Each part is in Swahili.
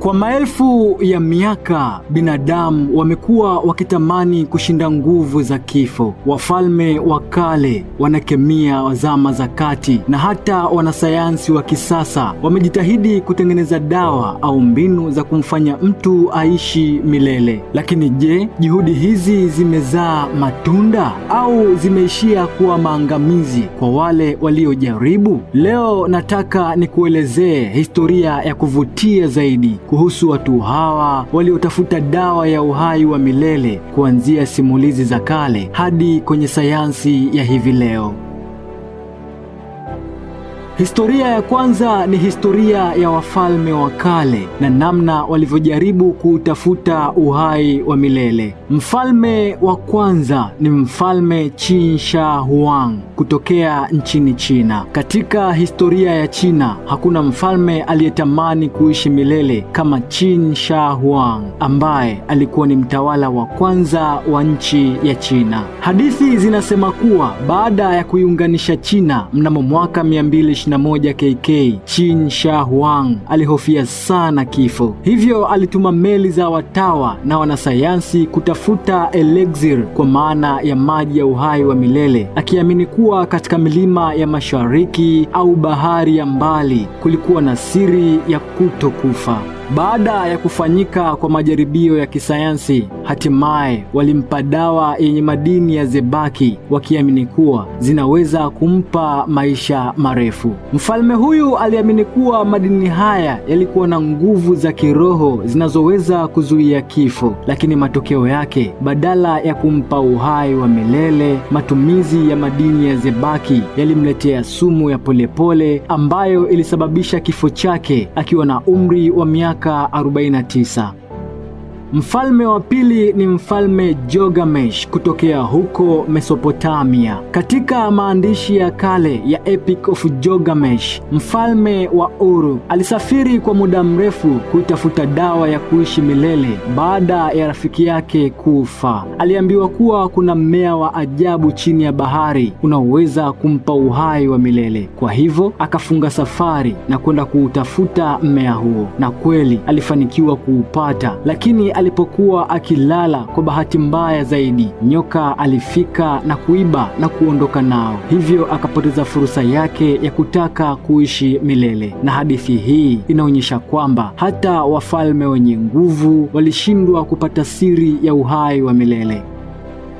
Kwa maelfu ya miaka binadamu wamekuwa wakitamani kushinda nguvu za kifo. Wafalme wa kale, wanakemia wa zama za kati, na hata wanasayansi wa kisasa wamejitahidi kutengeneza dawa au mbinu za kumfanya mtu aishi milele. Lakini je, juhudi hizi zimezaa matunda au zimeishia kuwa maangamizi kwa wale waliojaribu? Leo nataka nikuelezee historia ya kuvutia zaidi kuhusu watu hawa waliotafuta dawa ya uhai wa milele kuanzia simulizi za kale hadi kwenye sayansi ya hivi leo. Historia ya kwanza ni historia ya wafalme wa kale na namna walivyojaribu kuutafuta uhai wa milele. Mfalme wa kwanza ni mfalme Qin Shi Huang kutokea nchini China. Katika historia ya China hakuna mfalme aliyetamani kuishi milele kama Qin Shi Huang ambaye alikuwa ni mtawala wa kwanza wa nchi ya China. Hadithi zinasema kuwa baada ya kuiunganisha China mnamo mwaka 220 21 KK Chin Sha Huang alihofia sana kifo, hivyo alituma meli za watawa na wanasayansi kutafuta elixir kwa maana ya maji ya uhai wa milele, akiamini kuwa katika milima ya mashariki au bahari ya mbali kulikuwa na siri ya kutokufa. Baada ya kufanyika kwa majaribio ya kisayansi, hatimaye walimpa dawa yenye madini ya zebaki, wakiamini kuwa zinaweza kumpa maisha marefu. Mfalme huyu aliamini kuwa madini haya yalikuwa na nguvu za kiroho zinazoweza kuzuia kifo, lakini matokeo yake, badala ya kumpa uhai wa milele, matumizi ya madini ya zebaki yalimletea sumu ya polepole pole, ambayo ilisababisha kifo chake akiwa na umri wa miaka miaka 49. Mfalme wa pili ni mfalme jogamesh kutokea huko Mesopotamia. Katika maandishi ya kale ya Epic of Jogamesh, mfalme wa Uru alisafiri kwa muda mrefu kutafuta dawa ya kuishi milele baada ya rafiki yake kufa. Aliambiwa kuwa kuna mmea wa ajabu chini ya bahari unaoweza kumpa uhai wa milele. Kwa hivyo akafunga safari na kwenda kuutafuta mmea huo, na kweli alifanikiwa kuupata, lakini alipokuwa akilala, kwa bahati mbaya zaidi, nyoka alifika na kuiba na kuondoka nao, hivyo akapoteza fursa yake ya kutaka kuishi milele. Na hadithi hii inaonyesha kwamba hata wafalme wenye nguvu walishindwa kupata siri ya uhai wa milele.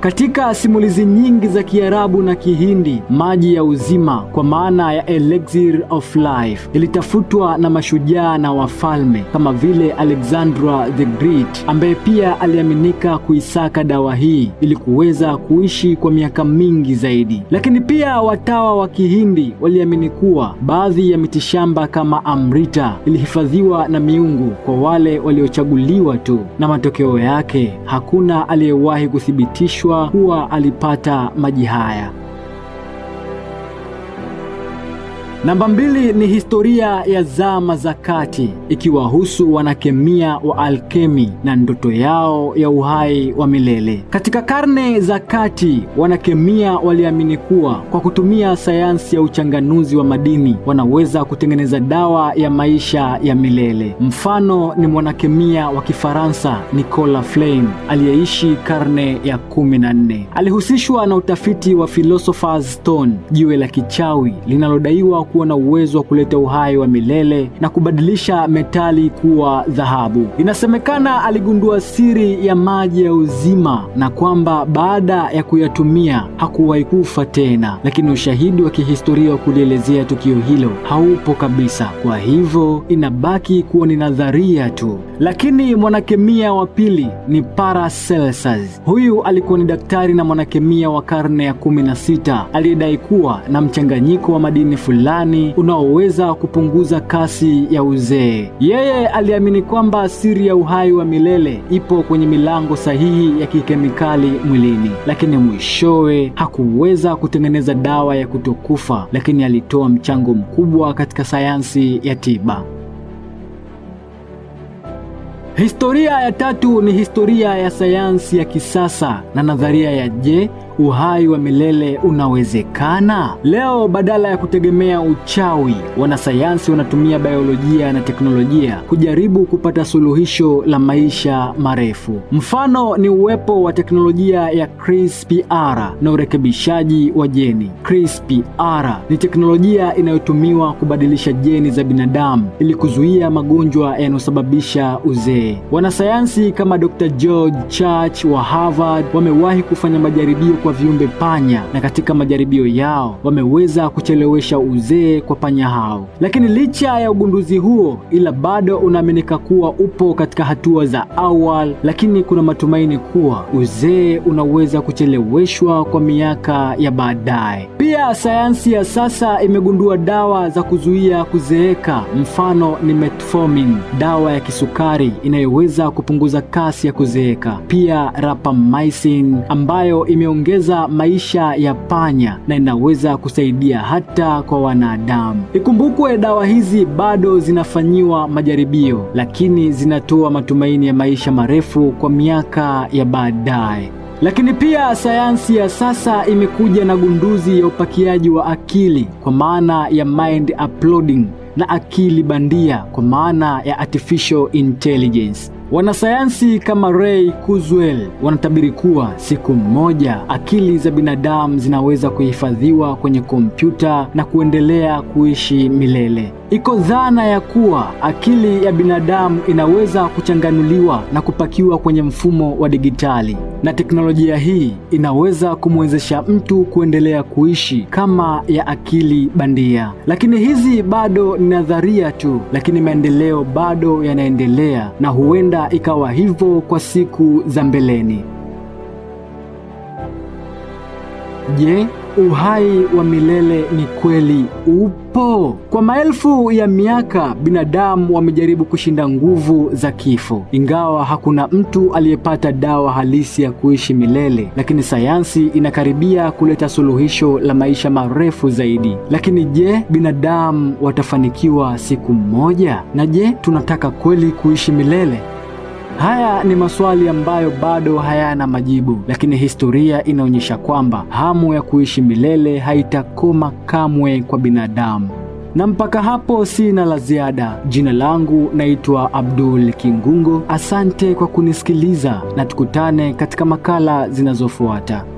Katika simulizi nyingi za Kiarabu na Kihindi, maji ya uzima kwa maana ya elixir of life ilitafutwa na mashujaa na wafalme kama vile Alexandra the Great, ambaye pia aliaminika kuisaka dawa hii ili kuweza kuishi kwa miaka mingi zaidi. Lakini pia watawa wa Kihindi waliamini kuwa baadhi ya mitishamba kama Amrita ilihifadhiwa na miungu kwa wale waliochaguliwa tu, na matokeo yake hakuna aliyewahi kuthibitishwa kuwa alipata maji haya. Namba mbili ni historia ya zama za kati ikiwahusu wanakemia wa alkemi na ndoto yao ya uhai wa milele. Katika karne za kati, wanakemia waliamini kuwa kwa kutumia sayansi ya uchanganuzi wa madini wanaweza kutengeneza dawa ya maisha ya milele. Mfano ni mwanakemia wa Kifaransa Nicola Flamel aliyeishi karne ya 14. Alihusishwa na utafiti wa Philosopher's Stone, jiwe la kichawi linalodaiwa kuwa na uwezo wa kuleta uhai wa milele na kubadilisha metali kuwa dhahabu. Inasemekana aligundua siri ya maji ya uzima na kwamba baada ya kuyatumia hakuwahi kufa tena, lakini ushahidi wa kihistoria wa kulielezea tukio hilo haupo kabisa. Kwa hivyo inabaki kuwa ni nadharia tu. Lakini mwanakemia wa pili ni Paracelsus. Huyu alikuwa ni daktari na mwanakemia wa karne ya 16 aliyedai kuwa na mchanganyiko wa madini fulani fulani unaoweza kupunguza kasi ya uzee. Yeye aliamini kwamba siri ya uhai wa milele ipo kwenye milango sahihi ya kikemikali mwilini, lakini mwishowe hakuweza kutengeneza dawa ya kutokufa, lakini alitoa mchango mkubwa katika sayansi ya tiba. Historia ya tatu ni historia ya sayansi ya kisasa na nadharia ya je uhai wa milele unawezekana? Leo badala ya kutegemea uchawi, wanasayansi wanatumia biolojia na teknolojia kujaribu kupata suluhisho la maisha marefu. Mfano ni uwepo wa teknolojia ya CRISPR na urekebishaji wa jeni. CRISPR ni teknolojia inayotumiwa kubadilisha jeni za binadamu ili kuzuia magonjwa yanayosababisha uzee. Wanasayansi kama Dr. George Church wa Harvard wamewahi kufanya majaribio kwa kwa viumbe panya, na katika majaribio yao wameweza kuchelewesha uzee kwa panya hao. Lakini licha ya ugunduzi huo, ila bado unaaminika kuwa upo katika hatua za awali, lakini kuna matumaini kuwa uzee unaweza kucheleweshwa kwa miaka ya baadaye. Pia sayansi ya sasa imegundua dawa za kuzuia kuzeeka, mfano ni metformin, dawa ya kisukari inayoweza kupunguza kasi ya kuzeeka, pia rapamycin ambayo imeongeza kuongeza maisha ya panya na inaweza kusaidia hata kwa wanadamu. Ikumbukwe dawa hizi bado zinafanyiwa majaribio, lakini zinatoa matumaini ya maisha marefu kwa miaka ya baadaye. Lakini pia sayansi ya sasa imekuja na gunduzi ya upakiaji wa akili kwa maana ya mind uploading na akili bandia kwa maana ya artificial intelligence. Wanasayansi kama Ray Kurzweil wanatabiri kuwa siku moja akili za binadamu zinaweza kuhifadhiwa kwenye kompyuta na kuendelea kuishi milele. Iko dhana ya kuwa akili ya binadamu inaweza kuchanganuliwa na kupakiwa kwenye mfumo wa digitali, na teknolojia hii inaweza kumwezesha mtu kuendelea kuishi kama ya akili bandia. Lakini hizi bado ni nadharia tu, lakini maendeleo bado yanaendelea na huenda ikawa hivyo kwa siku za mbeleni. Je, uhai wa milele ni kweli upo? po kwa maelfu ya miaka binadamu wamejaribu kushinda nguvu za kifo, ingawa hakuna mtu aliyepata dawa halisi ya kuishi milele, lakini sayansi inakaribia kuleta suluhisho la maisha marefu zaidi. Lakini je, binadamu watafanikiwa siku moja? Na je, tunataka kweli kuishi milele? Haya ni maswali ambayo bado hayana majibu, lakini historia inaonyesha kwamba hamu ya kuishi milele haitakoma kamwe kwa binadamu. Na mpaka hapo sina la ziada. Jina langu naitwa Abdul Kingungo. Asante kwa kunisikiliza na tukutane katika makala zinazofuata.